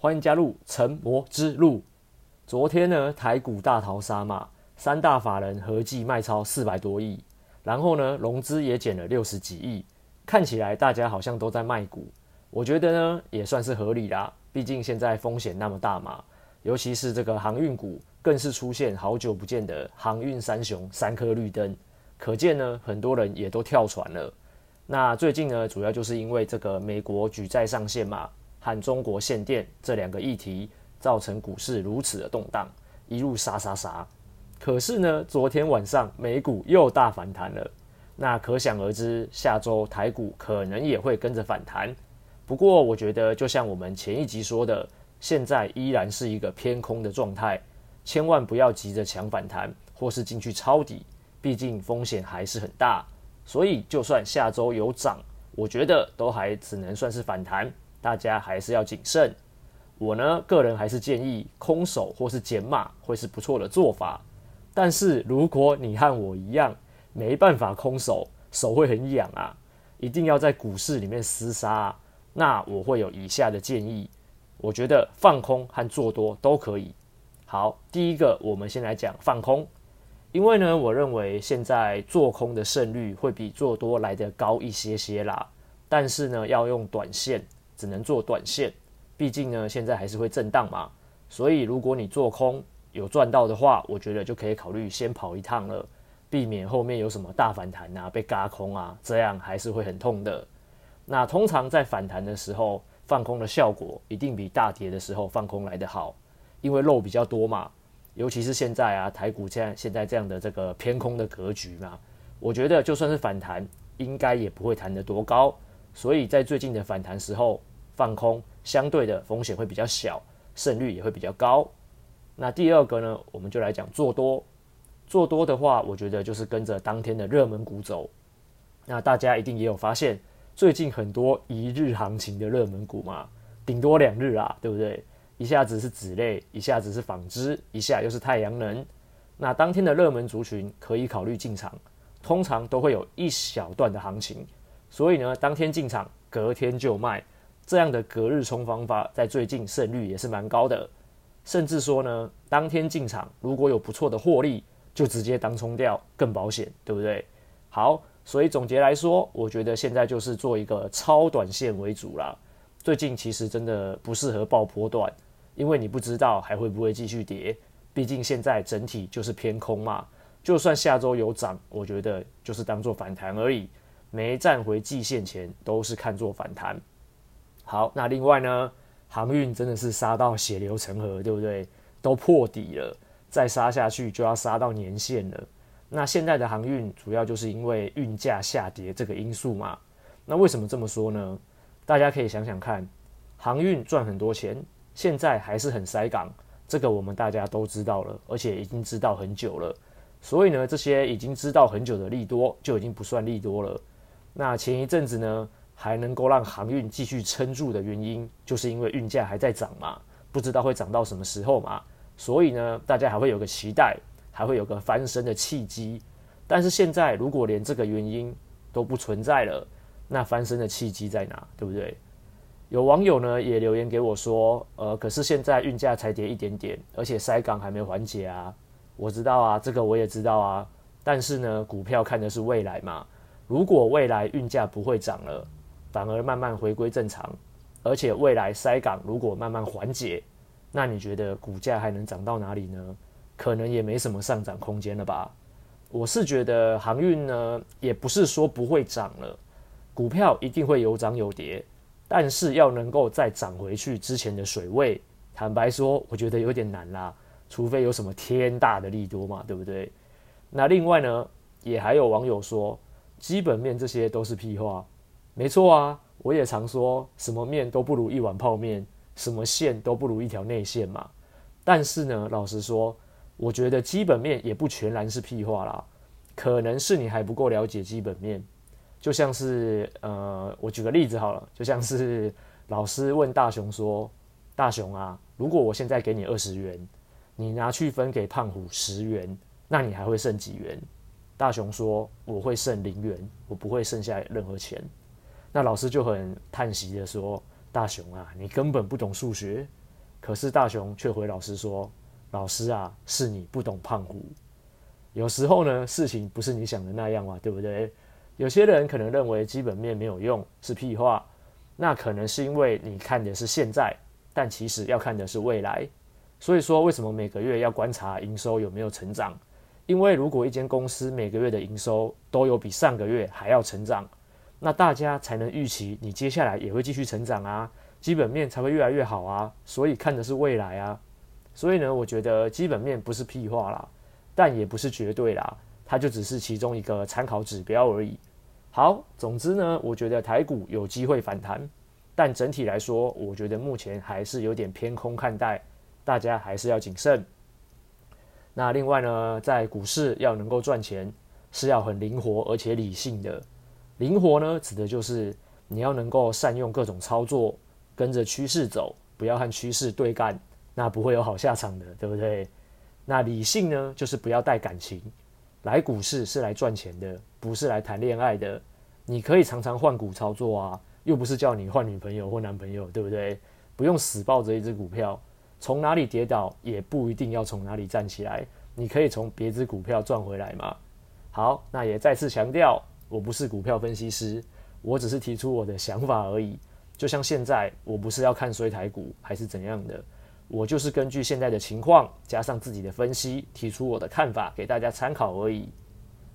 歡迎加入成魔之路。昨天呢，台股大逃殺嘛，三大法人合計賣超四百多億，然後呢，融資也減了六十幾億，看起來大家好像都在賣股。我覺得呢，也算是合理啦，畢竟現在風險那麼大嘛，尤其是這個航運股更是出現好久不見的航運三雄三顆綠燈，可見呢，很多人也都跳船了。那最近呢，主要就是因為這個美國舉債上限嘛。和中國限電這兩個議題造成股市如此的動盪，一路殺殺殺。可是呢，昨天晚上美股又大反彈了，那可想而知，下週台股可能也會跟着反彈。不過，我覺得就像我們前一集說的，現在依然是一個偏空的狀態，千萬不要急着搶反彈或是進去抄底，畢竟風險還是很大。所以，就算下週有漲，我覺得都還只能算是反彈。大家還是要謹慎。我呢，個人還是建議空手或是減碼會是不錯的做法。但是，如果你和我一樣沒辦法空手，手會很癢啊，一定要在股市裡面廝殺啊，那我會有以下的建議。我覺得放空和做多都可以。好，第一個我們先來講放空，因為呢，我認為現在做空的勝率會比做多來得高一些些啦。但是呢，要用短線。只能做短線，畢竟呢，現在還是會震盪嘛。所以，如果你做空有賺到的話，我覺得就可以考慮先跑一趟了，避免後面有什麼大反彈啊，被軋空啊，這樣還是會很痛的。那通常在反彈的時候放空的效果，一定比大跌的時候放空來得好，因為肉比較多嘛。尤其是現在啊，台股現在現在這樣的這個偏空的格局嘛，我覺得就算是反彈，應該也不會彈得多高。所以在最近的反彈時候，放空相對的風險會比較小，勝率也會比較高。那第二個呢，我們就來講做多。做多的話，我覺得就是跟着當天的熱門股走。那大家一定也有發現，最近很多一日行情的熱門股嘛，頂多兩日啦、啊，對不對？一下子是紙類，一下子是紡織，一下又是太陽能。那當天的熱門族群可以考慮進場，通常都會有一小段的行情，所以呢，當天進場，隔天就賣。這樣的隔日沖方法，在最近勝率也是蠻高的，甚至說呢，當天進場如果有不錯的獲利，就直接當沖掉更保險，對不對？好，所以總結來說，我覺得現在就是做一個超短線為主啦。最近其實真的不適合爆波段，因為你不知道還會不會繼續跌，畢竟現在整體就是偏空嘛。就算下週有漲，我覺得就是當做反彈而已，沒站回季線前都是看作反彈。好，那另外呢，航運真的是殺到血流成河，對不對？都破底了，再殺下去就要殺到年線了。那現在的航運主要就是因為運價下跌這個因素嘛。那為什麼這麼說呢？大家可以想想看，航運賺很多錢，現在還是很塞港，這個我們大家都知道了，而且已經知道很久了。所以呢，這些已經知道很久的利多就已經不算利多了。那前一陣子呢？還能夠讓航運繼續撐住的原因，就是因為運價還在漲嘛，不知道會漲到什麼時候嘛，所以呢，大家還會有個期待，還會有個翻身的契機。但是現在如果連這個原因都不存在了，那翻身的契機在哪？對不對？有網友呢也留言給我說，呃，可是現在運價才跌一點點，而且塞港還沒緩解啊。我知道啊，這個我也知道啊，但是呢，股票看的是未來嘛，如果未來運價不會漲了。反而慢慢回歸正常，而且未來塞港如果慢慢緩解，那你覺得股價還能漲到哪裡呢？可能也沒什麼上漲空間了吧。我是覺得航運呢，也不是說不會漲了，股票一定會有漲有跌，但是要能夠再漲回去之前的水位，坦白說，我覺得有點難啦，除非有什麼天大的利多嘛，對不對？那另外呢，也還有網友說，基本面這些都是屁話。沒錯啊，我也常說什麼面都不如一碗泡麵，什麼線都不如一條內線嘛。但是呢，老實說，我覺得基本面也不全然是屁話啦，可能是你還不夠了解基本面。就像是，呃，我舉個例子好了，就像是老師問大雄說：“大雄啊，如果我現在給你二十元，你拿去分給胖虎十元，那你還會剩幾元？”大雄說：“我會剩零元，我不會剩下任何錢。”那老師就很嘆息的說：“大雄啊，你根本不懂數學。”可是大雄卻回老師說：“老師啊，是你不懂胖虎。”有時候呢，事情不是你想的那樣嘛、啊，對不對？有些人可能認為基本面沒有用是屁話，那可能是因為你看的是現在，但其實要看的是未來。所以說，為什麼每個月要觀察營收有沒有成長？因為如果一間公司每個月的營收都有比上個月還要成長，那大家才能預期你接下來也會繼續成長啊，基本面才會越來越好啊，所以看的是未來啊。所以呢，我覺得基本面不是屁話啦，但也不是絕對啦，它就只是其中一個參考指標而已。好，總之呢，我覺得台股有機會反彈，但整體來說，我覺得目前還是有點偏空看待，大家還是要謹慎。那另外呢，在股市要能夠賺錢，是要很靈活而且理性的。靈活呢，指的就是你要能夠善用各種操作，跟着趨勢走，不要和趨勢對幹，那不會有好下場的，對不對？那理性呢，就是不要帶感情。來股市是來賺錢的，不是來談戀愛的。你可以常常換股操作啊，又不是叫你換女朋友或男朋友，對不對？不用死抱着一隻股票，從哪裡跌倒也不一定要從哪裡站起來，你可以從別隻股票賺回來嘛。好，那也再次強調。我不是股票分析師，我只是提出我的想法而已。就像現在，我不是要看衰台股還是怎樣的，我就是根據現在的情況，加上自己的分析，提出我的看法給大家參考而已。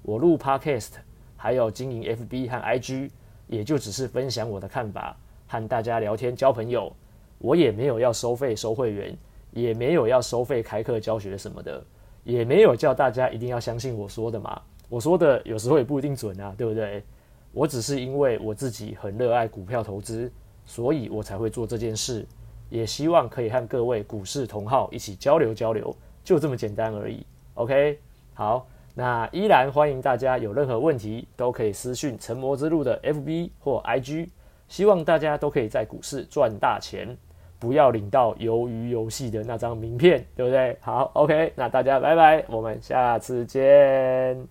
我錄 Podcast，還有經營 FB 和 IG，也就只是分享我的看法，和大家聊天交朋友。我也沒有要收費收會員，也沒有要收費開課教學什麼的，也沒有叫大家一定要相信我說的嘛。我說的有時候也不一定準啊，對不對？我只是因為我自己很熱愛股票投資，所以我才會做這件事，也希望可以和各位股市同好一起交流交流，就這麼簡單而已。OK，好，那依然歡迎大家有任何問題都可以私訊成魔之路的 FB 或 IG，希望大家都可以在股市賺大錢，不要領到魷魚遊戲的那張名片，對不對？好，OK，那大家拜拜，我們下次見。